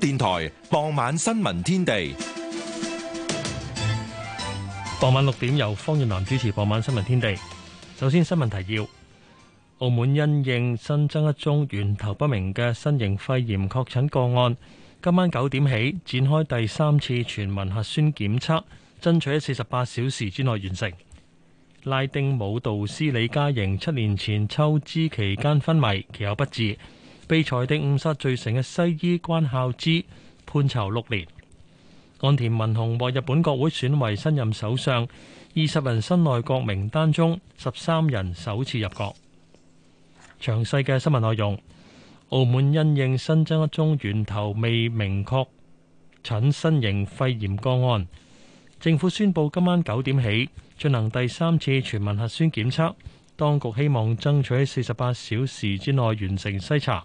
電台傍晚新聞天地，傍晚六點由方月蘭主持。傍晚新聞天,天地，首先新聞提要：澳門因應新增一宗源頭不明嘅新型肺炎確診個案，今晚九點起展開第三次全民核酸檢測，爭取喺四十八小時之內完成。拉丁舞導師李嘉瑩七年前抽脂期間昏迷，其後不治。被裁定誤殺罪成嘅西醫關孝之判囚六年。岸田文雄獲日本國會選為新任首相。二十人新內閣名單中，十三人首次入閣。詳細嘅新聞內容。澳門因應新增一宗源頭未明確診新型肺炎個案，政府宣布今晚九點起進行第三次全民核酸檢測。當局希望爭取喺四十八小時之內完成篩查。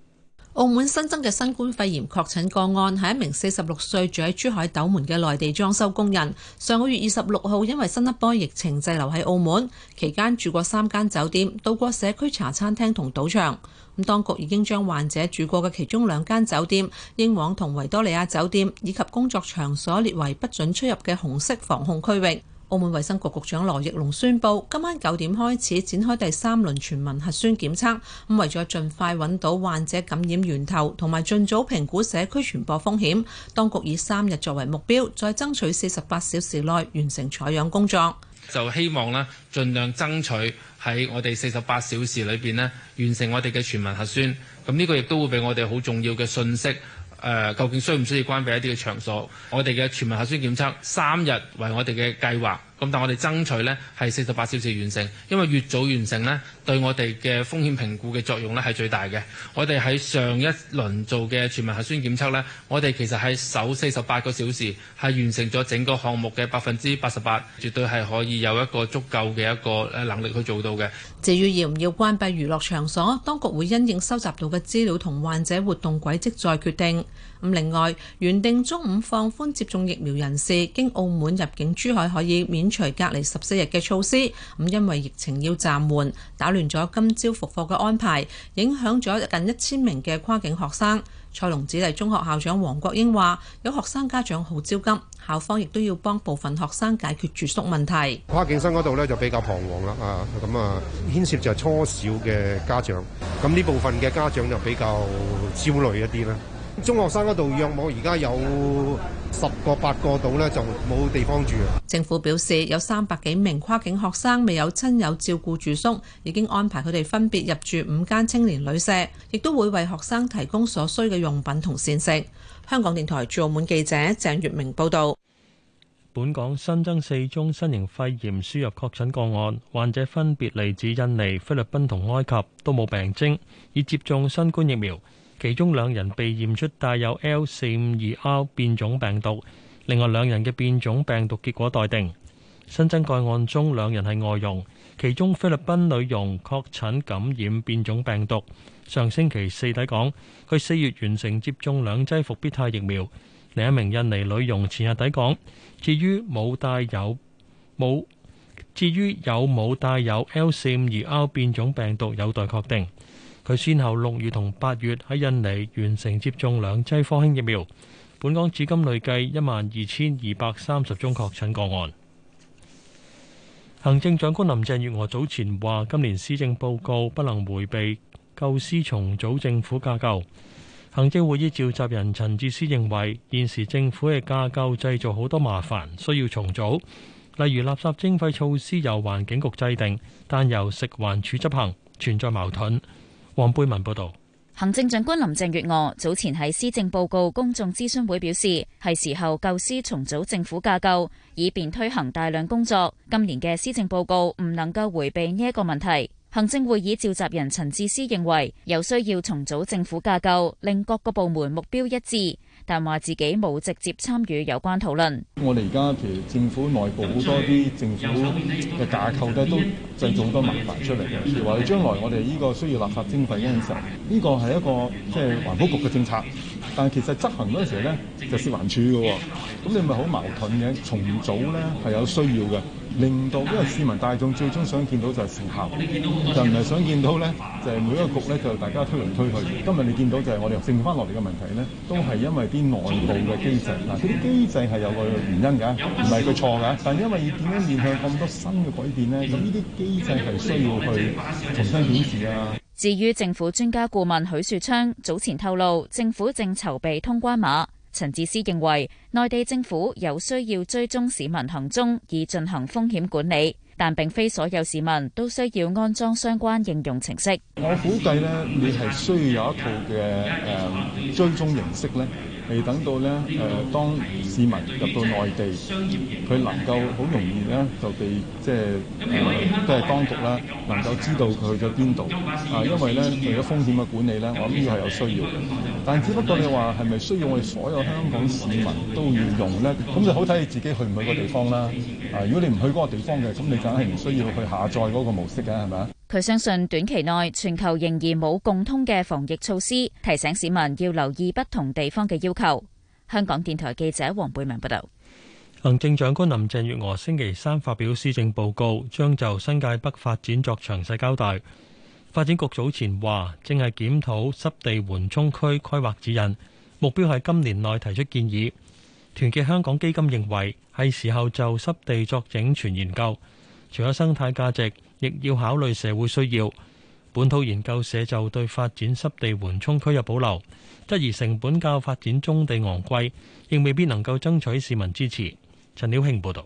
澳門新增嘅新冠肺炎確診個案係一名四十六歲住喺珠海斗門嘅內地裝修工人，上個月二十六號因為新一波疫情滯留喺澳門，期間住過三間酒店，到過社區茶餐廳同賭場。咁當局已經將患者住過嘅其中兩間酒店英皇同維多利亞酒店以及工作場所列為不准出入嘅紅色防控區域。澳門衛生局局長羅奕龍宣布，今晚九點開始展開第三輪全民核酸檢測，咁為咗盡快揾到患者感染源頭，同埋盡早評估社區傳播風險，當局以三日作為目標，再爭取四十八小時內完成採樣工作。就希望呢，盡量爭取喺我哋四十八小時裏邊呢，完成我哋嘅全民核酸。咁呢個亦都會俾我哋好重要嘅信息，誒，究竟需唔需要關閉一啲嘅場所？我哋嘅全民核酸檢測三日為我哋嘅計劃。咁但我哋爭取呢係四十八小時完成，因為越早完成呢對我哋嘅風險評估嘅作用呢係最大嘅。我哋喺上一輪做嘅全民核酸檢測呢，我哋其實係首四十八個小時係完成咗整個項目嘅百分之八十八，絕對係可以有一個足夠嘅一個誒能力去做到嘅。至於要唔要關閉娛樂場所，當局會因應收集到嘅資料同患者活動軌跡再決定。咁另外原定中午放寬接種疫苗人士經澳門入境珠海可以免除隔離十四日嘅措施，咁因為疫情要暫緩，打亂咗今朝復課嘅安排，影響咗近一千名嘅跨境學生。蔡龍子弟中學校長黃國英話，有學生家長好焦急，校方亦都要幫部分學生解決住宿問題。跨境生嗰度咧就比較彷徨啦，啊咁啊牽涉就係初小嘅家長，咁呢部分嘅家長就比較焦慮一啲啦。中學生嗰度約滿，而家有十個八個度呢，就冇地方住。政府表示有三百幾名跨境學生未有親友照顧住宿，已經安排佢哋分別入住五間青年旅社，亦都會為學生提供所需嘅用品同膳食。香港電台駐澳門記者鄭月明報道。本港新增四宗新型肺炎輸入確診個案，患者分別嚟自印尼、菲律賓同埃及，都冇病徵，已接種新冠疫苗。其中兩人被驗出帶有 L 四五二 R 變種病毒，另外兩人嘅變種病毒結果待定。新增個案中，兩人係外傭，其中菲律賓女傭確診感染變種病毒。上星期四抵港，佢四月完成接種兩劑伏必泰疫苗。另一名印尼女佣前日抵港。至於冇帶有冇，至於有冇帶有 L 四五二 R 變種病毒，有待確定。佢先後六月同八月喺印尼完成接種兩劑科興疫苗。本港至今累計一萬二千二百三十宗確診個案。行政長官林鄭月娥早前話：今年施政報告不能迴避舊司重組政府架構。行政會議召集人陳智思認為，現時政府嘅架構製造好多麻煩，需要重組。例如垃圾徵費措施由環境局制定，但由食環署執行，存在矛盾。黃貝文報道，行政長官林鄭月娥早前喺施政報告公眾諮詢會表示，係時候構思重組政府架構，以便推行大量工作。今年嘅施政報告唔能夠回避呢一個問題。行政會議召集人陳智思認為，有需要重組政府架構，令各個部門目標一致。但話自己冇直接參與有關討論。我哋而家其實政府內部好多啲政府嘅架構咧，都製造好多麻煩出嚟嘅。譬如話，你將來我哋呢個需要立法徵費嘅時候，呢個係一個即係環保局嘅政策。但係其實執行嗰陣時咧，就食環署嘅喎，咁你咪好矛盾嘅。重組咧係有需要嘅，令到因為市民大眾最終想見到就係成效，就唔係想見到咧，就係每一個局咧就大家推嚟推去。今日你見到就係我哋剩翻落嚟嘅問題咧，都係因為啲內部嘅機制，嗱，嗰啲機制係有個原因㗎，唔係佢錯㗎。但係因為點樣面向咁多新嘅改變咧，呢啲機制係需要去重新檢視啊。至於政府專家顧問許樹昌早前透露，政府正籌備通關碼。陳智思認為，內地政府有需要追蹤市民行蹤以進行風險管理，但並非所有市民都需要安裝相關應用程式。我估計咧，你係需要有一套嘅誒追蹤形式咧。未等到咧誒、呃，當市民入到內地，佢能夠好容易咧就被即係誒，即係、呃、當局啦，能夠知道佢去咗邊度啊。因為咧為咗風險嘅管理咧，我諗呢個係有需要嘅。但只不過你話係咪需要我哋所有香港市民都要用咧？咁就好睇你自己去唔去個地方啦。啊、呃，如果你唔去嗰個地方嘅，咁你梗係唔需要去下載嗰個模式嘅，係咪啊？佢相信短期內全球仍然冇共通嘅防疫措施，提醒市民要留意不同地方嘅要求。香港電台記者黃貝文報道。行政長官林鄭月娥星期三發表施政報告，將就新界北發展作詳細交代。發展局早前話正係檢討濕地緩衝區規劃指引，目標係今年內提出建議。團結香港基金認為係時候就濕地作整全研究，除咗生態價值，亦要考慮社會需要。本土研究社就對發展濕地緩衝區有保留，質疑成本較發展中地昂貴，亦未必能夠爭取市民支持。陳曉慶報道。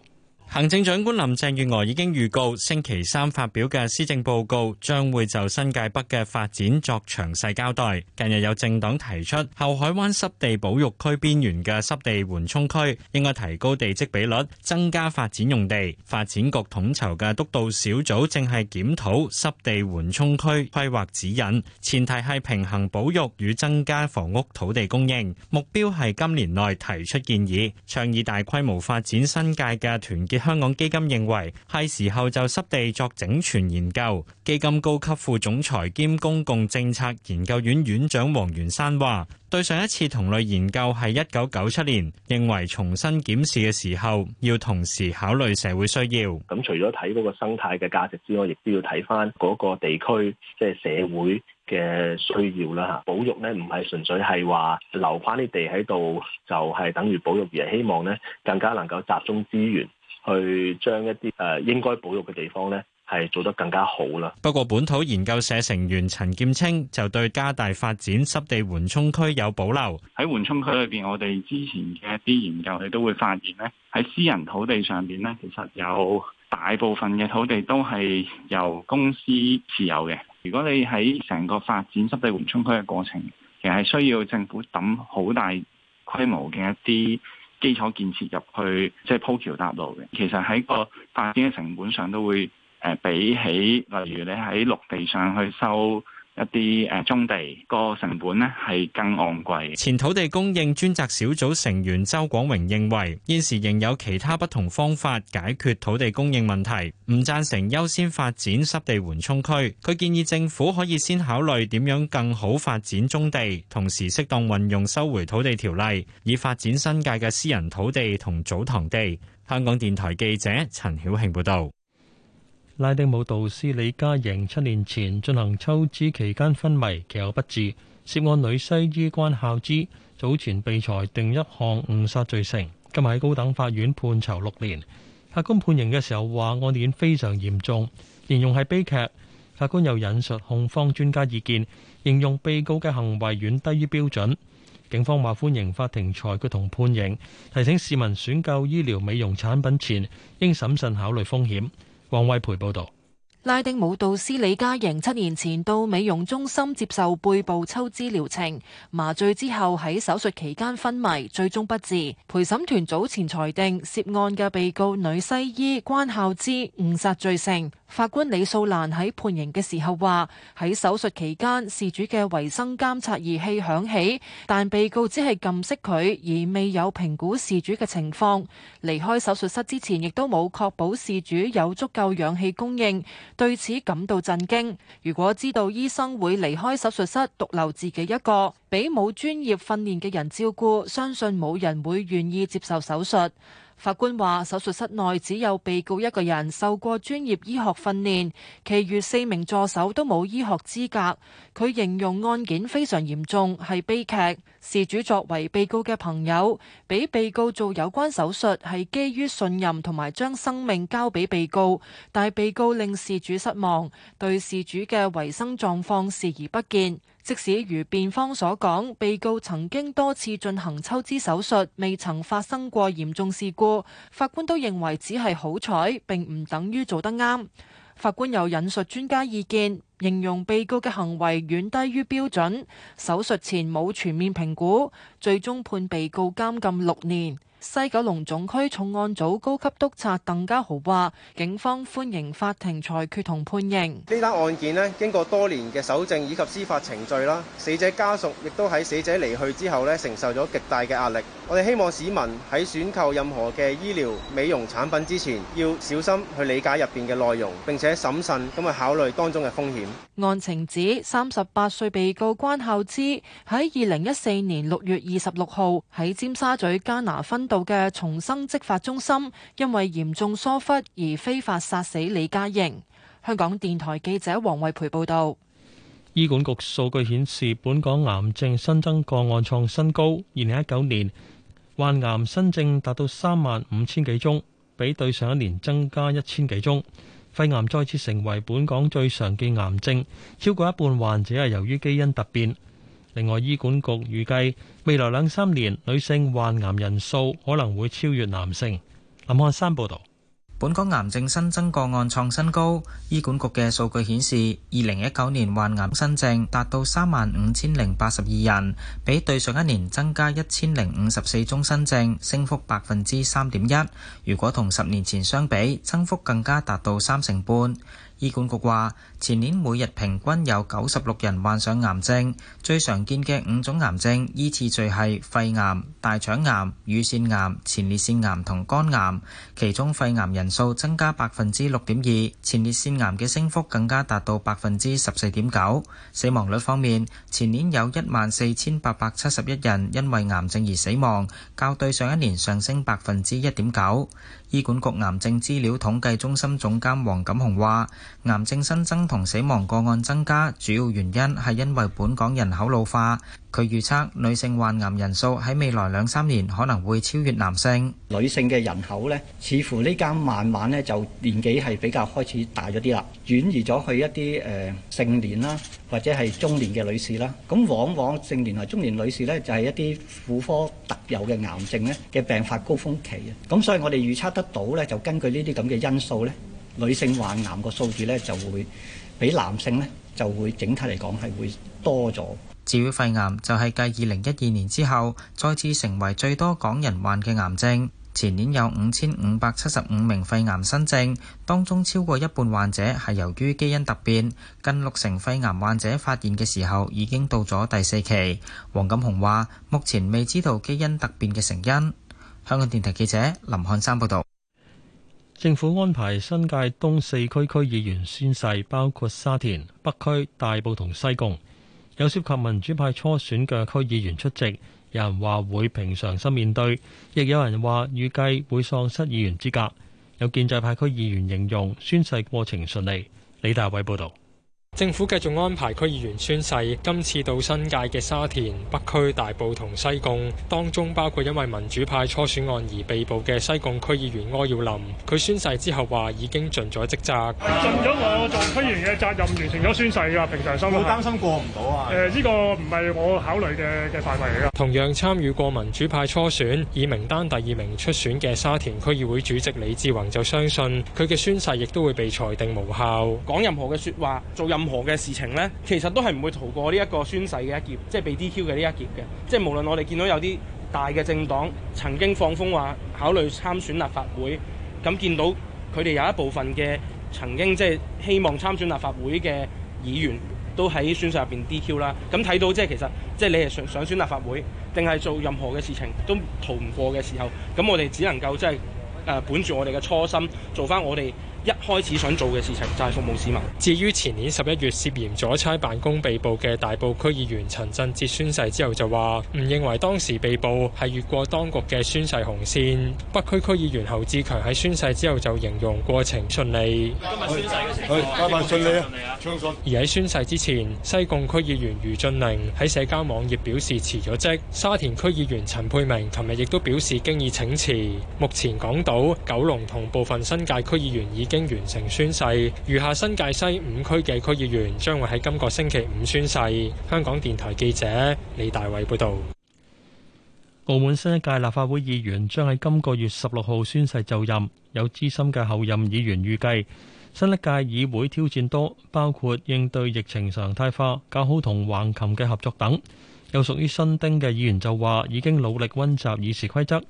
行政長官林鄭月娥已經預告，星期三發表嘅施政報告將會就新界北嘅發展作詳細交代。近日有政黨提出，後海灣濕地保育區邊緣嘅濕地緩衝區應該提高地積比率，增加發展用地。發展局統籌嘅督導小組正係檢討濕地緩衝區規劃指引，前提係平衡保育與增加房屋土地供應，目標係今年內提出建議，倡議大規模發展新界嘅團結。香港基金認為係時候就濕地作整全研究。基金高級副總裁兼公共政策研究院院長黃元山話：對上一次同類研究係一九九七年，認為重新檢視嘅時候，要同時考慮社會需要。咁除咗睇嗰個生態嘅價值之外，亦都要睇翻嗰個地區即係社會嘅需要啦。嚇，保育咧唔係純粹係話留翻啲地喺度就係等於保育，而係希望咧更加能夠集中資源，去將一啲誒應該保育嘅地方咧，係做得更加好啦。不過，本土研究社成員陳劍青就對加大發展濕地緩衝區有保留。喺緩衝區裏邊，我哋之前嘅一啲研究，你都會發現咧，喺私人土地上邊咧，其實有大部分嘅土地都係由公司持有嘅。如果你喺成個發展濕地緩衝區嘅過程，其實係需要政府抌好大規模嘅一啲基礎建設入去，即係鋪橋搭路嘅，其實喺個發展嘅成本上都會誒比起，例如你喺陸地上去收，一啲誒棕地個成本咧係更昂貴。前土地供應專責小組成員周廣榮認為，現時仍有其他不同方法解決土地供應問題，唔贊成優先發展濕地緩衝區。佢建議政府可以先考慮點樣更好發展棕地，同時適當運用收回土地條例，以發展新界嘅私人土地同祖堂地。香港電台記者陳曉慶報道。拉丁舞導師李嘉瑩七年前進行抽脂期間昏迷，其後不治。涉案女西醫關孝之早前被裁定一項誤殺罪成，今日喺高等法院判囚六年。法官判刑嘅時候話案件非常嚴重，形容係悲劇。法官又引述控方專家意見，形容被告嘅行為遠低於標準。警方話歡迎法庭裁決同判刑，提醒市民選購醫療美容產品前應審慎考慮風險。王威培報道。拉丁舞蹈師李嘉瑩七年前到美容中心接受背部抽脂療程，麻醉之後喺手術期間昏迷，最終不治。陪審團早前裁定涉案嘅被告女西醫關孝之誤殺罪成。法官李素蘭喺判刑嘅時候話：喺手術期間，事主嘅維生監察儀器響起，但被告只係撳熄佢，而未有評估事主嘅情況。離開手術室之前，亦都冇確保事主有足夠氧氣供應。對此感到震驚。如果知道醫生會離開手術室，獨留自己一個，俾冇專業訓練嘅人照顧，相信冇人會願意接受手術。法官話：手術室內只有被告一個人，受過專業醫學訓練，其餘四名助手都冇醫學資格。佢形容案件非常嚴重，係悲劇。事主作為被告嘅朋友，俾被、被告做有關手術係基於信任同埋將生命交俾被告，但被告令事主失望，對事主嘅維生狀況視而不見。即使如辯方所講，被告曾經多次進行抽脂手術，未曾發生過嚴重事故，法官都認為只係好彩，並唔等於做得啱。法官又引述專家意見，形容被告嘅行為遠低於標準，手術前冇全面評估，最終判被告監禁六年。西九龍總區重案組高級督察鄧家豪話：警方歡迎法庭裁決同判刑。呢單案件咧，經過多年嘅搜證以及司法程序啦，死者家屬亦都喺死者離去之後咧，承受咗極大嘅壓力。我哋希望市民喺選購任何嘅醫療美容產品之前，要小心去理解入邊嘅內容，並且審慎咁去考慮當中嘅風險。案情指，三十八歲被告關孝之喺二零一四年六月二十六號喺尖沙咀加拿分嘅重生執法中心，因為嚴重疏忽而非法殺死李嘉瑩。香港電台記者黃慧培報道。醫管局數據顯示，本港癌症新增個案創新高。二零一九年，患癌新症達到三萬五千幾宗，比對上一年增加一千幾宗。肺癌再次成為本港最常見癌症，超過一半患者係由於基因突變。另外，醫管局預計未來兩三年女性患癌人數可能會超越男性。林漢山報導，本港癌症新增個案創新高。醫管局嘅數據顯示，二零一九年患癌新症達到三萬五千零八十二人，比對上一年增加一千零五十四宗新症，升幅百分之三點一。如果同十年前相比，增幅更加達到三成半。醫管局話。前年每日平均有九十六人患上癌症，最常見嘅五種癌症依次序係肺癌、大腸癌、乳腺癌、前列腺癌同肝癌，其中肺癌人數增加百分之六點二，前列腺癌嘅升幅更加達到百分之十四點九。死亡率方面，前年有一萬四千八百七十一人因為癌症而死亡，較對上一年上升百分之一點九。醫管局癌症資料統計中心總監黃錦雄話，癌症新增。同死亡個案增加，主要原因係因為本港人口老化。佢預測女性患癌人數喺未來兩三年可能會超越男性。女性嘅人口咧，似乎呢間慢慢咧，就年紀係比較開始大咗啲啦，轉移咗去一啲誒，成年啦，或者係中年嘅女士啦。咁往往成年同中年女士咧，就係一啲婦科特有嘅癌症咧嘅病發高峰期啊。咁所以我哋預測得到咧，就根據呢啲咁嘅因素咧，女性患癌個數字咧就會。比男性呢，就會整體嚟講係會多咗。至於肺癌就係繼二零一二年之後，再次成為最多港人患嘅癌症。前年有五千五百七十五名肺癌新症，當中超過一半患者係由於基因突變，近六成肺癌患者發現嘅時候已經到咗第四期。黃錦雄話：目前未知道基因突變嘅成因。香港電台記者林漢山報導。政府安排新界東四區區議員宣誓，包括沙田、北區、大埔同西貢，有涉及民主派初選嘅區議員出席。有人話會平常心面對，亦有人話預計會喪失議員資格。有建制派區議員形容宣誓過程順利。李大偉報道。政府繼續安排區議員宣誓，今次到新界嘅沙田、北區、大埔同西貢，當中包括因為民主派初選案而被捕嘅西貢區議員柯耀林。佢宣誓之後話：已經盡咗職責，盡咗我做區議員嘅責任，完成咗宣誓㗎。平常心、就是，有冇擔心過唔到啊？誒、呃，呢、這個唔係我考慮嘅嘅範圍嚟㗎。同樣參與過民主派初選，以名單第二名出選嘅沙田區議會主席李志宏就相信，佢嘅宣誓亦都會被裁定無效。講任何嘅説話，做任。任何嘅事情呢，其實都係唔會逃過呢一個宣誓嘅一劫，即係被 DQ 嘅呢一劫嘅。即係無論我哋見到有啲大嘅政黨曾經放風話考慮參選立法會，咁見到佢哋有一部分嘅曾經即係希望參選立法會嘅議員都喺宣誓入邊 DQ 啦。咁睇到即係其實即係你係想選立法會定係做任何嘅事情都逃唔過嘅時候，咁我哋只能夠即係誒、呃、本住我哋嘅初心做翻我哋，一開始想做嘅事情就係、是、服務市民。至於前年十一月涉嫌阻差辦公被捕嘅大埔區議員陳振哲宣誓之後就話：唔認為當時被捕係越過當局嘅宣誓紅線。北區區議員侯志強喺宣誓之後就形容過程順利。啊、信而喺宣誓之前，西貢區議員余俊寧喺社交網頁表示辭咗職。沙田區議員陳佩明琴日亦都表示經已請辭。目前港島、九龍同部分新界區議員已經。已經完成宣誓，餘下新界西五區嘅區議員將會喺今個星期五宣誓。香港電台記者李大偉報道。澳門新一屆立法會議員將喺今個月十六號宣誓就任。有資深嘅候任議員預計，新一屆議會挑戰多，包括應對疫情常態化、搞好同橫琴嘅合作等。有屬於新丁嘅議員就話，已經努力溫習議事規則。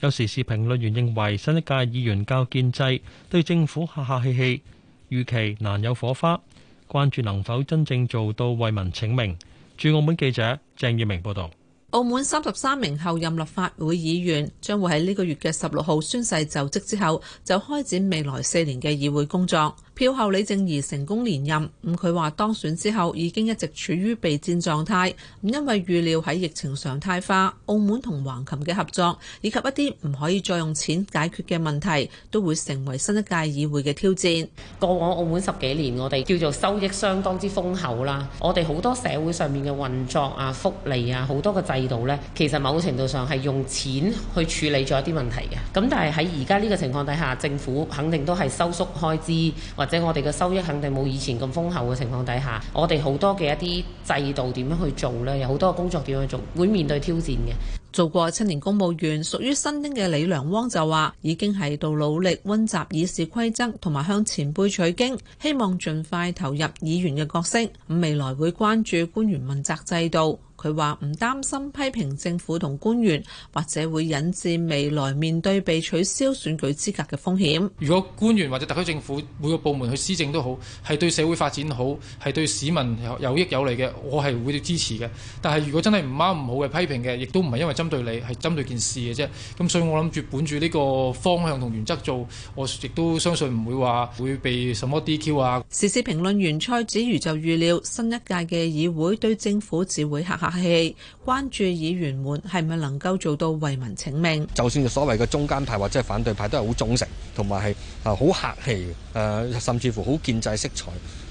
有時事評論員認為新一屆議員較建制，對政府客客氣氣，預期難有火花，關注能否真正做到為民請命。駐澳門記者鄭義明報道。澳門三十三名候任立法會議員將會喺呢個月嘅十六號宣誓就職之後，就開展未來四年嘅議會工作。票后李靜儀成功連任，咁佢話當選之後已經一直處於備戰狀態，咁因為預料喺疫情常態化、澳門同橫琴嘅合作以及一啲唔可以再用錢解決嘅問題，都會成為新一屆議會嘅挑戰。過往澳門十幾年，我哋叫做收益相當之豐厚啦，我哋好多社會上面嘅運作啊、福利啊、好多嘅制度咧，其實某程度上係用錢去處理咗一啲問題嘅。咁但係喺而家呢個情況底下，政府肯定都係收縮開支或或者我哋嘅收益肯定冇以前咁豐厚嘅情況底下，我哋好多嘅一啲制度點樣去做咧，有好多工作點樣做，會面對挑戰嘅。做過七年公務員屬於新丁嘅李良汪就話已經喺度努力溫習議事規則同埋向前輩取經，希望盡快投入議員嘅角色。未來會關注官員問責制度。佢話唔擔心批評政府同官員，或者會引致未來面對被取消選舉資格嘅風險。如果官員或者特區政府每個部門去施政都好，係對社會發展好，係對市民有，有益有利嘅，我係會支持嘅。但係如果真係唔啱唔好嘅批評嘅，亦都唔係因為針對你，係針對件事嘅啫。咁所以我諗住本住呢個方向同原則做，我亦都相信唔會話會被什麼 DQ 啊。時事評論員蔡子瑜就預料新一屆嘅議會對政府只會嚇嚇。客氣關注議員們係咪能夠做到為民請命？就算係所謂嘅中間派或者係反對派都，都係好忠誠，同埋係啊好客氣，誒甚至乎好建制色彩。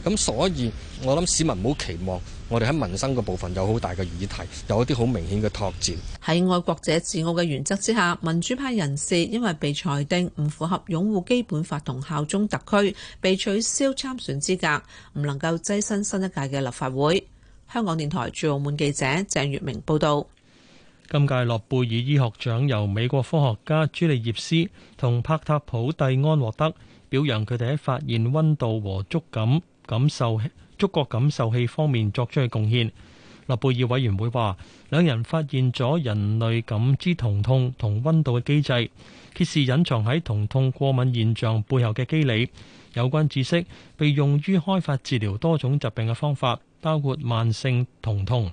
咁所以我諗市民唔好期望，我哋喺民生嘅部分有好大嘅議題，有一啲好明顯嘅拓展。喺愛國者治澳嘅原則之下，民主派人士因為被裁定唔符合擁護基本法同效忠特區，被取消參選資格，唔能夠躋身新一屆嘅立法會。香港電台駐澳門記者鄭月明報道：今屆諾貝爾醫學獎由美國科學家朱利葉斯同帕塔普蒂安獲得，表揚佢哋喺發現溫度和觸感感受、觸覺感受器方面作出嘅貢獻。諾貝爾委員會話，兩人發現咗人類感知疼痛同溫度嘅機制，揭示隱藏喺疼痛過敏現象背後嘅機理。有關知識被用於開發治療多種疾病嘅方法，包括慢性疼痛。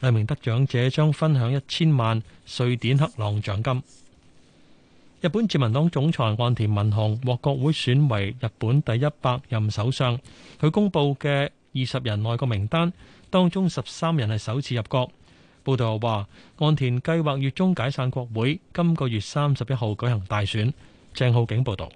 兩名得獎者將分享一千萬瑞典克朗獎金。日本自民黨總裁岸田文雄獲國會選為日本第一百任首相。佢公布嘅二十人內閣名單，當中十三人係首次入閣。報道又話，岸田計劃月中解散國會，今個月三十一號舉行大選。鄭浩景報導。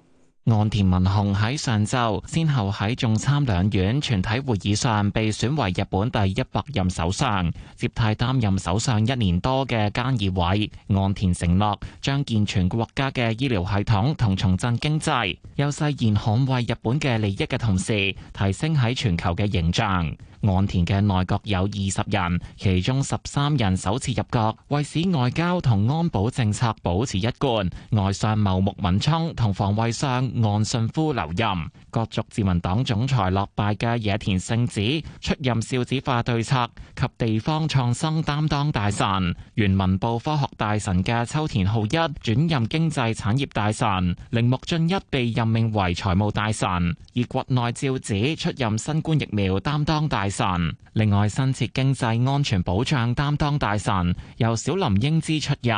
岸田文雄喺上晝先後喺眾參兩院全體會議上被選為日本第一百任首相，接替擔任首相一年多嘅菅義偉。岸田承諾將健全國家嘅醫療系統同重振經濟，又誓言捍衛日本嘅利益嘅同時提升喺全球嘅形象。岸田嘅內閣有二十人，其中十三人首次入閣，為使外交同安保政策保持一貫。外相茂木敏充同防衛相，岸信夫留任，角逐自民黨總裁落敗嘅野田聖子出任少子化對策及地方創生擔當大臣，原文部科學大臣嘅秋田浩一轉任經濟產業大臣，鈴木俊一被任命為財務大臣，而國內照子出任新冠疫苗擔當大臣，另外新設經濟安全保障擔當大臣由小林英姿出任。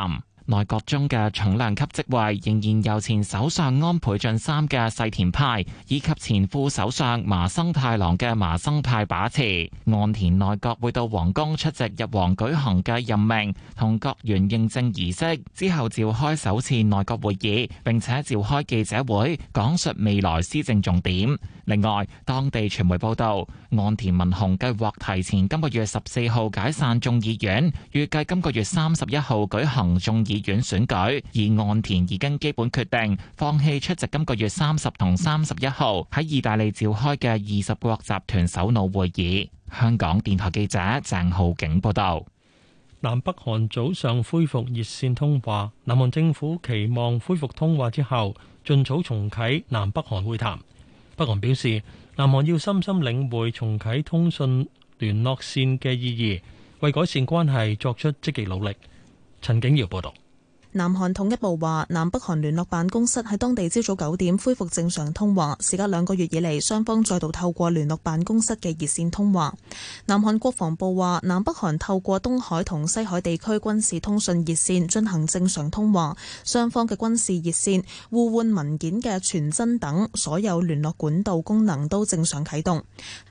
內閣中嘅重量級職位仍然由前首相安倍晉三嘅細田派以及前副首相麻生太郎嘅麻生派把持。岸田內閣會到皇宮出席入皇舉行嘅任命同國員認證儀式，之後召開首次內閣會議，並且召開記者會講述未來施政重點。另外，當地傳媒報道，岸田文雄計劃提前今個月十四號解散眾議院，預計今個月三十一號舉行眾議院選舉，而岸田已經基本決定放棄出席今個月三十同三十一號喺意大利召開嘅二十國集團首腦會議。香港電台記者鄭浩景報道。南北韓早上恢復熱線通話，南韓政府期望恢復通話之後，盡早重啟南北韓會談。北韓表示，南韓要深深領會重啟通訊聯絡線嘅意義，為改善關係作出積極努力。陳景堯報道。南韓統一部話，南北韓聯絡辦公室喺當地朝早九點恢復正常通話，時隔兩個月以嚟，雙方再度透過聯絡辦公室嘅熱線通話。南韓國防部話，南北韓透過東海同西海地區軍事通訊熱線進行正常通話，雙方嘅軍事熱線互換文件嘅傳真等所有聯絡管道功能都正常啟動。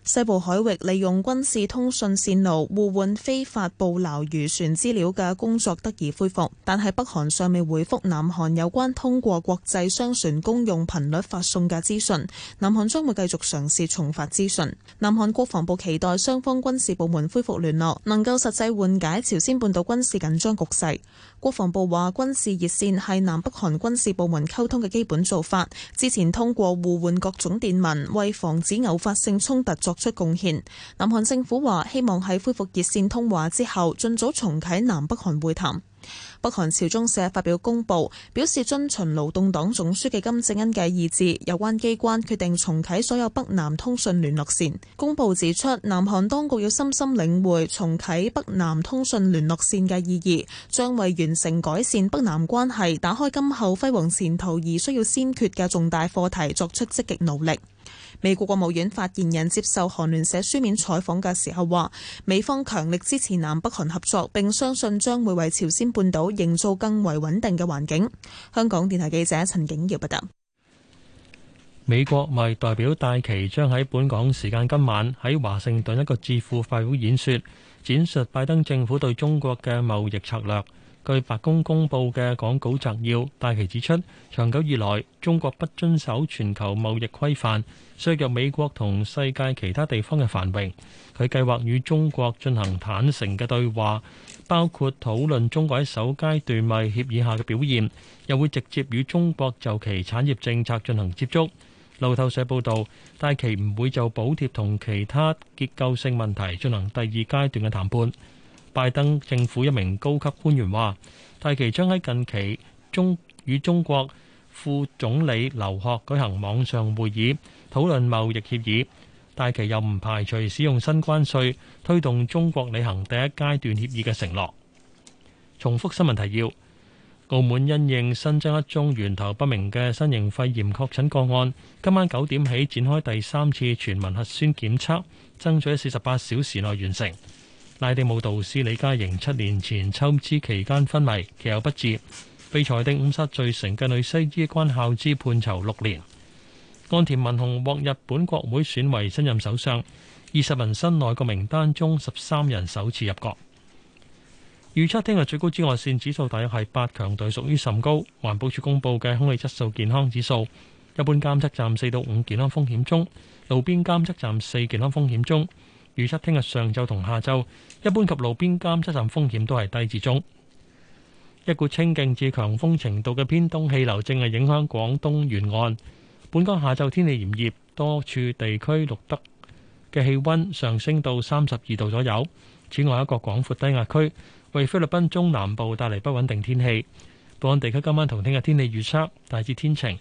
西部海域利用軍事通訊線路互換非法捕撈漁船資料嘅工作得以恢復，但係北韓。尚未回覆南韓有關通過國際商船公用頻率發送嘅資訊，南韓將會繼續嘗試重發資訊，南韓國防部期待雙方軍事部門恢復聯絡，能夠實際緩解朝鮮半島軍事緊張局勢，國防部話，軍事熱線係南北韓軍事部門溝通嘅基本做法，之前通過互換各種電文，為防止偶發性衝突作出貢獻，南韓政府話，希望喺恢復熱線通話之後，盡早重啟南北韓會談。北韓朝中社發表公佈，表示遵循勞動黨總書記金正恩嘅意志，有關機關決定重啟所有北南通訊聯絡線。公佈指出，南韓當局要深深領會重啟北南通訊聯絡線嘅意義，將為完成改善北南關係、打開今後輝煌前途而需要先決嘅重大課題作出積極努力。美國國務院發言人接受韓聯社書面採訪嘅時候話，美方強力支持南北韓合作，並相信將會為朝鮮半島營造更為穩定嘅環境。香港電台記者陳景耀報道。美國貿易代表戴琦將喺本港時間今晚喺華盛頓一個智庫會演說，展述拜登政府對中國嘅貿易策略。據白宮公佈嘅講稿摘要，戴琪指出，長久以來中國不遵守全球貿易規範，削弱美國同世界其他地方嘅繁榮。佢計劃與中國進行坦誠嘅對話，包括討論中國喺首階段貿協議下嘅表現，又會直接與中國就其產業政策進行接觸。路透社報導，戴琪唔會就補貼同其他結構性問題進行第二階段嘅談判。拜登政府一名高級官員話，戴琪將喺近期中與中國副總理劉鶴舉行網上會議，討論貿易協議。戴琪又唔排除使用新關稅推動中國履行第一階段協議嘅承諾。重複新聞提要，澳門因應新增一宗源頭不明嘅新型肺炎確診個案，今晚九點起展開第三次全民核酸檢測，爭取喺四十八小時內完成。拉丁舞導師李嘉瑩七年前抽脂期間昏迷，其後不治。被裁定誤殺罪成嘅女西醫關孝之判囚六年。岸田文雄獲日本國會選為新任首相。二十人新內閣名單中，十三人首次入閣。預測聽日最高紫外線指數大約係八強度，屬於甚高。環保署公布嘅空氣質素健康指數，一般監測站四到五健康風險中，路邊監測站四健康風險中。預測聽日上晝同下晝，一般及路邊監測站風險都係低至中。一股清勁至強風程度嘅偏東氣流正係影響廣東沿岸，本港下晝天氣炎熱，多處地區錄得嘅氣温上升到三十二度左右。此外，一個廣闊低壓區為菲律賓中南部帶嚟不穩定天氣。本港地區今晚同聽日天氣預測大致天晴，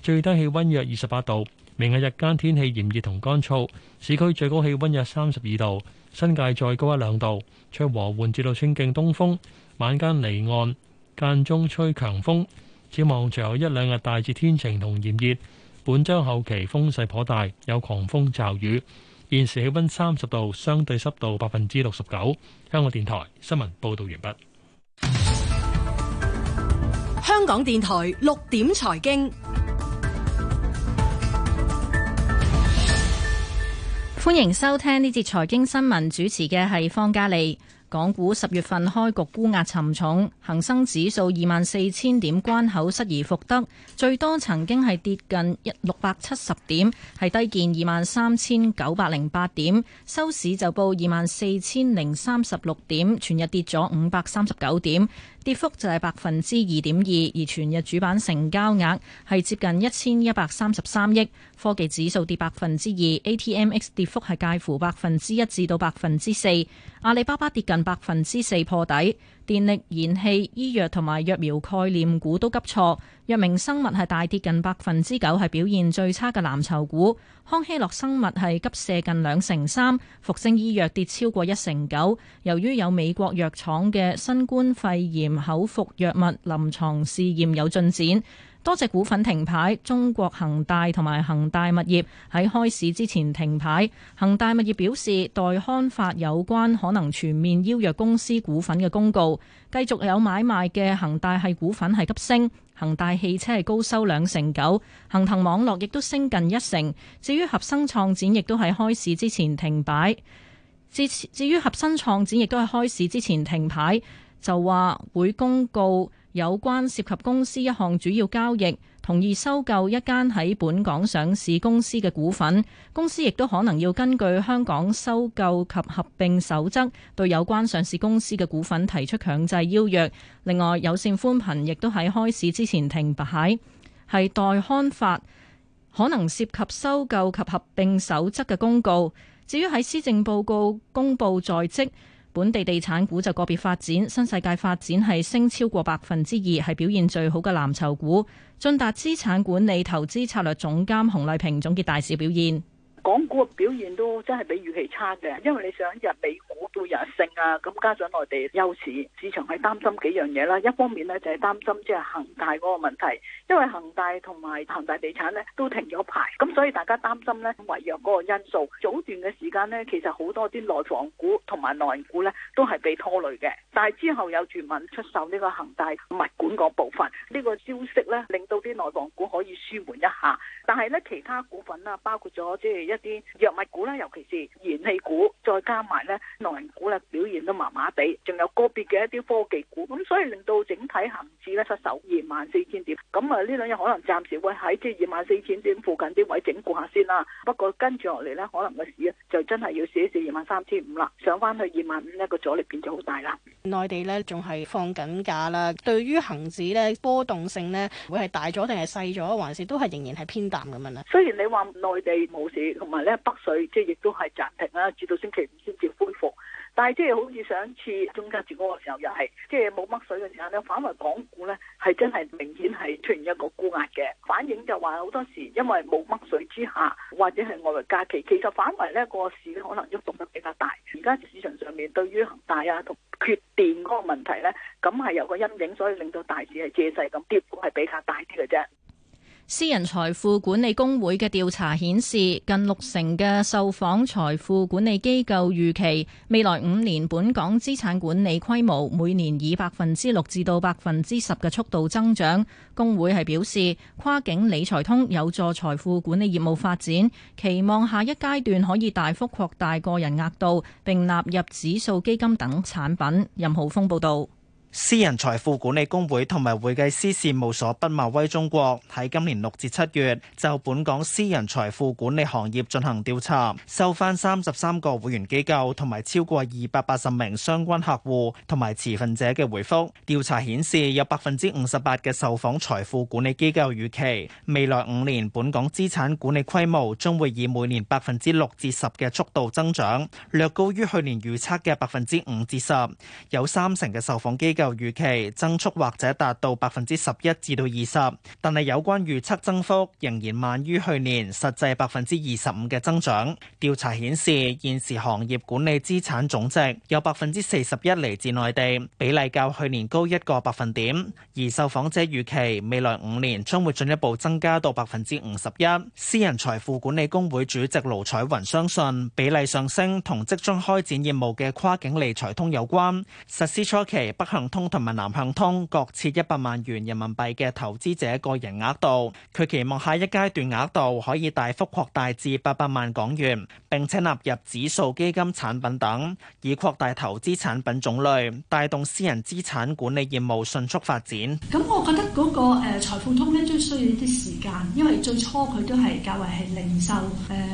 最低氣温約二十八度。明日日間天氣炎熱同乾燥，市區最高氣温約三十二度，新界再高一兩度，吹和緩至到清勁東風，晚間離岸間中吹強風，展望隨後一兩日大致天晴同炎熱。本周後期風勢頗大，有狂風驟雨。現時氣温三十度，相對濕度百分之六十九。香港電台新聞報道完畢。香港電台六點財經。歡迎收聽呢節財經新聞，主持嘅係方嘉利。港股十月份開局沽壓沉重，恒生指數二萬四千點關口失而復得，最多曾經係跌近一六百七十點，係低見二萬三千九百零八點，收市就報二萬四千零三十六點，全日跌咗五百三十九點。跌幅就係百分之二點二，而全日主板成交額係接近一千一百三十三億。科技指數跌百分之二，ATMX 跌幅係介乎百分之一至到百分之四，阿里巴巴跌近百分之四破底。電力、燃氣、醫藥同埋疫苗概念股都急挫，藥明生物係大跌近百分之九，係表現最差嘅藍籌股。康希諾生物係急瀉近兩成三，復星醫藥跌超過一成九。由於有美國藥廠嘅新冠肺炎口服藥物臨床試驗有進展。多隻股份停牌，中國恒大同埋恒大物業喺開市之前停牌。恒大物業表示待刊發有關可能全面邀約公司股份嘅公告。繼續有買賣嘅恒大系股份係急升，恒大汽車係高收兩成九，恒騰網絡亦都升近一成。至於合生創展亦都喺開市之前停擺。至至於合生創展亦都喺開市之前停牌，就話會公告。有關涉及公司一項主要交易，同意收購一間喺本港上市公司嘅股份，公司亦都可能要根據香港收購及合併守則，對有關上市公司嘅股份提出強制要約。另外，有線寬頻亦都喺開市之前停牌，係待刊發可能涉及收購及合併守則嘅公告。至於喺施政報告公布在即。本地地產股就個別發展，新世界發展係升超過百分之二，係表現最好嘅藍籌股。進達資產管理投資策略總監洪麗萍總結大市表現。港股嘅表現都真係比預期差嘅，因為你想日美股到日性啊，咁加上內地優市，市場係擔心幾樣嘢啦。一方面呢，就係擔心即係恒大嗰個問題，因為恒大同埋恒大地產呢都停咗牌，咁所以大家擔心呢違約嗰個因素。早段嘅時間呢，其實好多啲內房股同埋內銀股呢都係被拖累嘅，但係之後有傳聞出售呢個恒大物管嗰部分，呢、呢個消息呢令到啲內房股可以舒緩一下。但係咧，其他股份啦，包括咗即係一啲藥物股啦，尤其是燃氣股，再加埋咧能源股啦，表現都麻麻地。仲有個別嘅一啲科技股，咁所以令到整體恆指咧失守二萬四千點。咁、嗯、啊，呢兩日可能暫時會喺即係二萬四千點附近啲位整固下先啦。不過跟住落嚟咧，可能個市就真係要試一試二萬三千五啦，上翻去二萬五呢、這個阻力變咗好大啦。內地咧仲係放緊假啦，對於恆指咧波動性呢會係大咗定係細咗，還是都係仍然係偏大？雖然你話內地冇事，同埋咧北水即係亦都係暫停啦，至到星期五先至恢復。但係即係好似上次中間節嗰個時候，又係即係冇乜水嘅時候咧，反為港股咧係真係明顯係出現一個沽壓嘅反應，就話好多時因為冇乜水之下，或者係外遊假期，其實反為咧、那個市可能喐動得比較大。而家市場上面對於恒大啊同缺電嗰個問題咧，咁係有個陰影，所以令到大市係借勢咁跌幅係比較大啲嘅啫。私人財富管理公會嘅調查顯示，近六成嘅受訪財富管理機構預期未來五年本港資產管理規模每年以百分之六至到百分之十嘅速度增長。公會係表示，跨境理財通有助財富管理業務發展，期望下一階段可以大幅擴大個人額度，並納入指數基金等產品。任浩峰報導。私人財富管理公會同埋會計師事務所畢馬威中國喺今年六至七月就本港私人財富管理行業進行調查，收翻三十三個會員機構同埋超過二百八十名相關客戶同埋持份者嘅回覆。調查顯示有，有百分之五十八嘅受訪財富管理機構預期未來五年本港資產管理規模將會以每年百分之六至十嘅速度增長，略高於去年預測嘅百分之五至十。有三成嘅受訪機構由預期增速或者達到百分之十一至到二十，但係有關預測增幅仍然慢於去年實際百分之二十五嘅增長。調查顯示，現時行業管理資產總值有百分之四十一嚟自內地，比例較去年高一個百分點。而受訪者預期未來五年將會進一步增加到百分之五十一。私人財富管理公會主席盧彩雲相信，比例上升同即將開展業務嘅跨境理財通有關。實施初期不行。通同埋南向通各設一百萬元人民幣嘅投資者個人額度，佢期望下一階段額度可以大幅擴大至八百萬港元，並且納入指數基金產品等，以擴大投資產品種類，帶動私人資產管理業務迅速發展。咁我覺得嗰個誒財富通咧，都需要一啲時間，因為最初佢都係較為係零售誒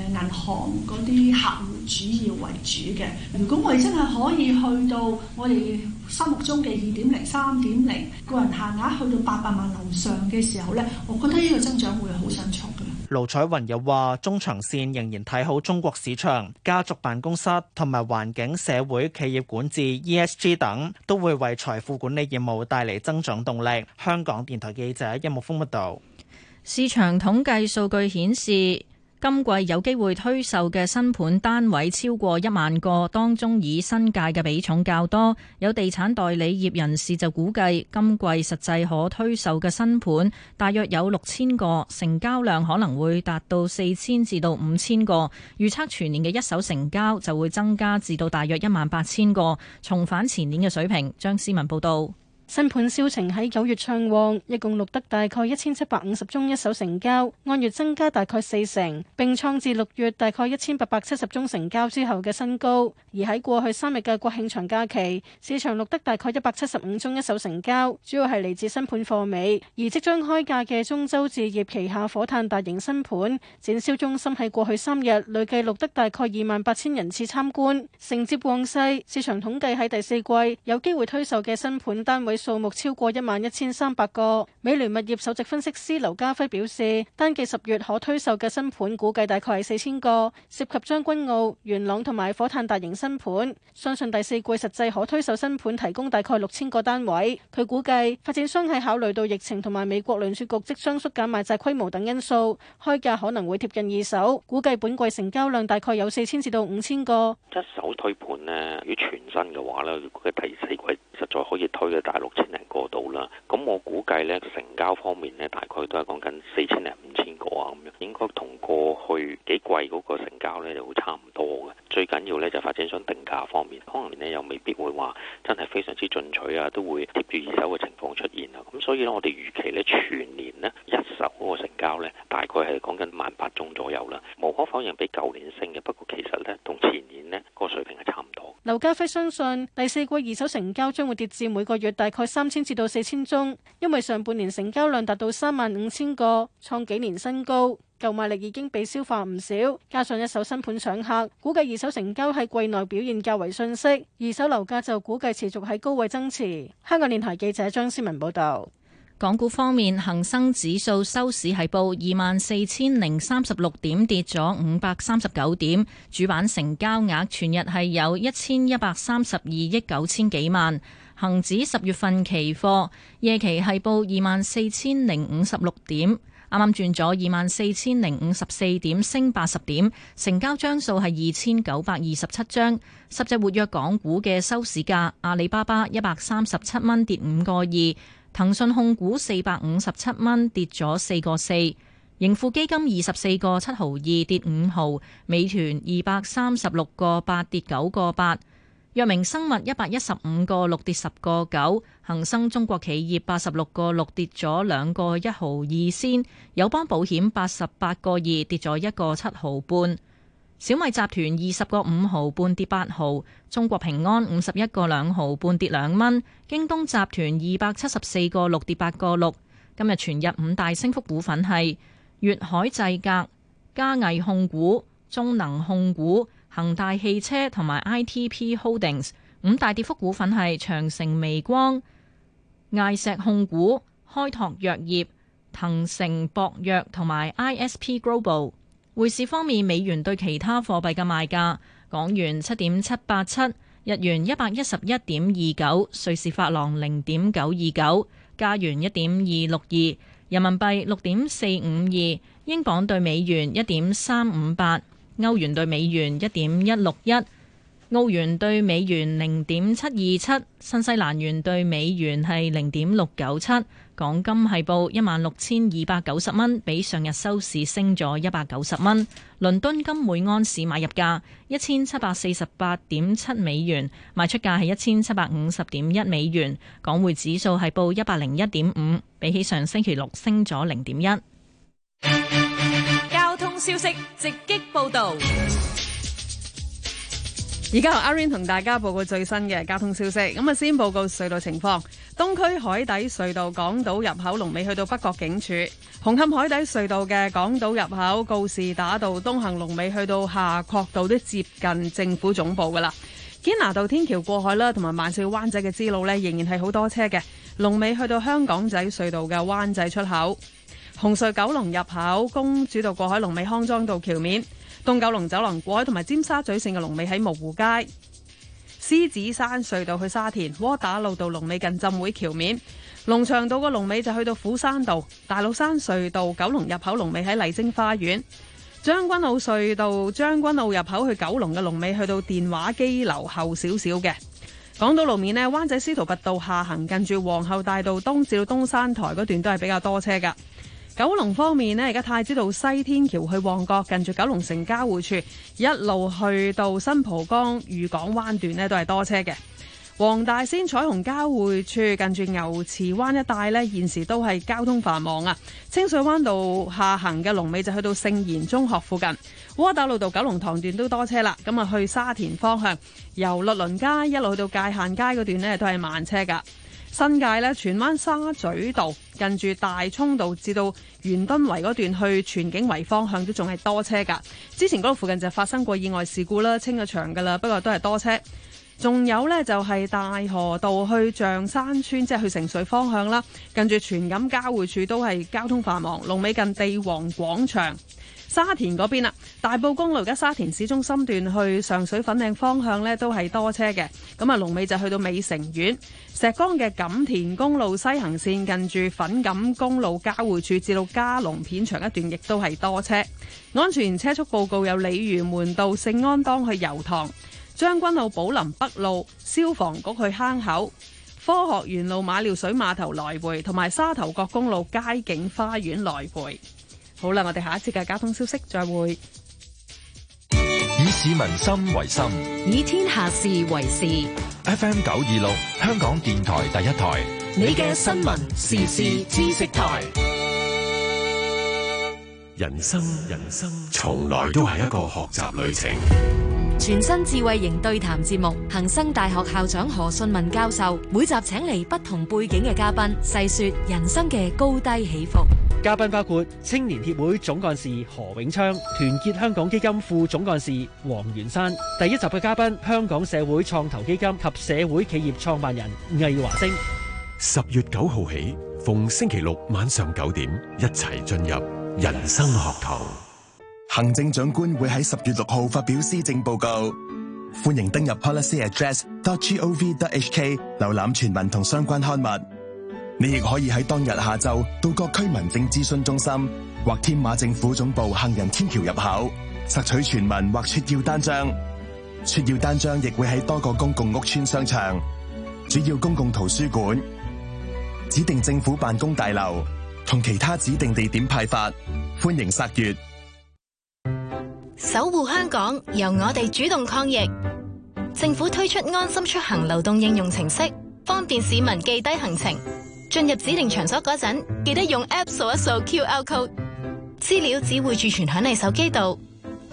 銀、呃、行嗰啲客戶主要為主嘅。如果我哋真係可以去到我哋心目中嘅，二點零、三點零，個人限額去到八百萬樓上嘅時候，呢我覺得呢個增長會好迅速嘅。盧彩雲又話：中長線仍然睇好中國市場，家族辦公室同埋環境社會企業管治 （ESG） 等，都會為財富管理業務帶嚟增長動力。香港電台記者一木豐蜜道市場統計數據顯示。今季有機會推售嘅新盤單位超過一萬個，當中以新界嘅比重較多。有地產代理業人士就估計，今季實際可推售嘅新盤大約有六千個，成交量可能會達到四千至到五千個，預測全年嘅一手成交就會增加至到大約一萬八千個，重返前年嘅水平。張思文報道。新盤銷情喺九月暢旺，一共錄得大概一千七百五十宗一手成交，按月增加大概四成，並創自六月大概一千八百七十宗成交之後嘅新高。而喺過去三日嘅國慶長假期，市場錄得大概一百七十五宗一手成交，主要係嚟自新盤貨尾。而即將開價嘅中洲置業旗下火炭大型新盤展銷中心喺過去三日累計錄得大概二萬八千人次參觀，承接旺勢，市場統計喺第四季有機會推售嘅新盤單位。數目超過一萬一千三百個。美聯物業首席分析師劉家輝表示，單記十月可推售嘅新盤估計大概係四千個，涉及將軍澳、元朗同埋火炭大型新盤。相信第四季實際可推售新盤提供大概六千個單位。佢估計發展商係考慮到疫情同埋美國聯儲局即將縮減買債規模等因素，開價可能會貼近二手。估計本季成交量大概有四千至到五千個。一手推盤咧，如全新嘅話咧，佢第四季。實在可以推嘅大概六千零個度啦，咁我估計呢，成交方面呢，大概都係講緊四千零五千個啊咁樣，應該同過去幾季嗰個成交呢，就會差唔多嘅。最緊要呢，就發展商定價方面，可能你又未必會話真係非常之進取啊，都會貼住二手嘅情況出現啦。咁所以呢，我哋預期呢，全年呢，一手嗰個成交呢，大概係講緊萬八宗左右啦。無可否認比舊年升嘅，不過其實呢。劉家輝相信第四季二手成交將會跌至每個月大概三千至到四千宗，因為上半年成交量達到三萬五千個，創幾年新高，購買力已經被消化唔少，加上一手新盤搶客，估計二手成交喺季內表現較為遜色，二手樓價就估計持續喺高位增持。香港電台記者張思文報道。港股方面，恒生指數收市係報二萬四千零三十六點，跌咗五百三十九點。主板成交額全日係有一千一百三十二億九千幾萬。恒指十月份期貨夜期係報二萬四千零五十六點，啱啱轉咗二萬四千零五十四點，升八十點。成交張數係二千九百二十七張。十隻活躍港股嘅收市價，阿里巴巴一百三十七蚊，跌五個二。騰訊控股四百五十七蚊，跌咗四個四；盈富基金二十四個七毫二，跌五毫；美團二百三十六個八，跌九個八；藥明生物一百一十五個六，跌十個九；恒生中國企業八十六個六，跌咗兩個一毫二先；友邦保險八十八個二，跌咗一個七毫半。小米集團二十個五毫半，跌八毫，中國平安五十一個兩毫半，跌兩蚊，京東集團二百七十四個六，跌八個六。今日全日五大升幅股份係粵海制革、嘉藝控股、中能控股、恒大汽車同埋 I T P Holdings。五大跌幅股份係長城微光、艾石控股、開拓藥業、騰盛博藥同埋 I S P Global。匯市方面，美元對其他貨幣嘅賣價：港元七點七八七，日元一百一十一點二九，瑞士法郎零點九二九，加元一點二六二，人民幣六點四五二，英鎊對美元一點三五八，歐元對美元一點一六一，澳元對美元零點七二七，新西蘭元對美元係零點六九七。港金係報一萬六千二百九十蚊，比上日收市升咗一百九十蚊。倫敦金每安士買入價一千七百四十八點七美元，賣出價係一千七百五十點一美元。港匯指數係報一百零一點五，比起上星期六升咗零點一。交通消息直擊報道。而家由阿 rain 同大家報告最新嘅交通消息。咁啊，先報告隧道情況。東區海底隧道港島入口龍尾去到北角警署；紅磡海底隧道嘅港島入口告士打道東行龍尾去到夏慤道，都接近政府總部噶啦。堅拿道天橋過海啦，同埋萬少灣仔嘅支路呢，仍然係好多車嘅。龍尾去到香港仔隧道嘅灣仔出口；紅隧九龍入口公主道過海龍尾康莊道橋面。東九龍走廊過海同埋尖沙咀線嘅龍尾喺蕪湖街，獅子山隧道去沙田窩打老道龍尾近浸會橋面，龍翔道個龍尾就去到虎山道，大老山隧道九龍入口龍尾喺麗晶花園，將軍澳隧道將軍澳入口去九龍嘅龍尾去到電話機樓後少少嘅。港島路面呢，灣仔司徒拔道下行近住皇后大道東至到東山台嗰段都係比較多車㗎。九龍方面咧，而家太子道西天橋去旺角，近住九龍城交匯處一路去到新蒲崗、愉港灣段咧，都係多車嘅。黃大仙彩虹交匯處近住牛池灣一帶咧，現時都係交通繁忙啊！清水灣道下行嘅龍尾就去到聖賢中學附近。窩打老道九龍塘段都多車啦，咁啊去沙田方向，由律倫街一路去到界限街嗰段咧，都係慢車噶。新界咧，荃灣沙咀道近住大涌道至到元墩圍嗰段去荃景圍方向都仲係多車噶。之前嗰度附近就發生過意外事故啦，清咗場噶啦，不過都係多車。仲有呢，就係、是、大河道去象山邨，即係去城水方向啦，近住荃錦交匯處都係交通繁忙，龍尾近地王廣場。沙田嗰邊啊，大埔公路而家沙田市中心段去上水粉嶺方向呢都係多車嘅。咁啊，龍尾就去到美城苑、石崗嘅錦田公路西行線近住粉錦公路交匯處至到加隆片場一段，亦都係多車。安全車速報告有鯉魚門道聖安當去油塘、將軍澳寶林北路消防局去坑口、科學園路馬料水碼頭來回，同埋沙頭角公路佳景花園來回。好啦，我哋下一次嘅交通消息再會。以市民心為心，以天下事為事。FM 九二六，香港電台第一台，你嘅新聞時事知識台。人生，人生從來都係一個學習旅程。全新智慧型對談節目，恒生大學校長何信文教授，每集請嚟不同背景嘅嘉賓，細說人生嘅高低起伏。嘉賓包括青年協會總幹事何永昌、團結香港基金副總幹事黃元山。第一集嘅嘉賓，香港社會創投基金及社會企業創辦人魏華星。十月九號起，逢星期六晚上九點，一齊進入人生學堂。行政長官會喺十月六號發表施政報告，歡迎登入 yes. policyaddress.gov.hk 瀏覽全文同相關刊物。你亦可以喺當日下晝到各區民政諮詢中心或天馬政府總部行人天橋入口索取全文或撮要單張。撮要單張亦會喺多個公共屋邨、商場、主要公共圖書館、指定政府辦公大樓同其他指定地點派發。歡迎索閱。守護香港，由我哋主動抗疫。政府推出安心出行流動應用程式，方便市民記低行程。進入指定場所嗰陣，記得用 App 掃一掃 QR code，資料只會儲存響你手機度。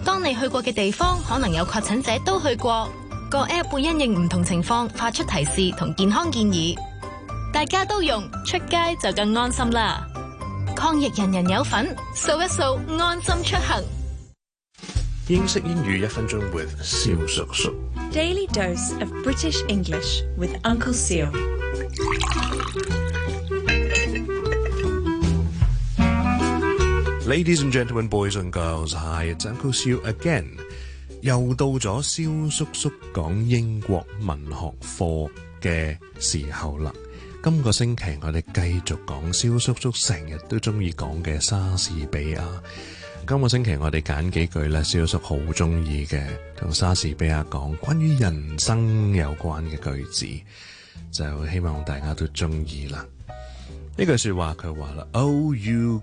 當你去過嘅地方可能有確診者都去過，個 App 會因應唔同情況發出提示同健康建議。大家都用，出街就更安心啦！抗疫人人有份，掃一掃安心出行。英式英語一分鐘 with 蕭叔叔。Daily dose of British English with Uncle Siu Ladies and gentlemen, boys and girls, hi, it's Uncle Siu again。又到咗蕭叔叔講英國文學課嘅時候啦。今個星期我哋繼續講蕭叔叔成日都中意講嘅莎士比亞。今個星期我哋揀幾句咧，蕭叔好中意嘅，同莎士比亞講關於人生有關嘅句子，就希望大家都中意啦。呢句話說話佢話啦，Oh, you。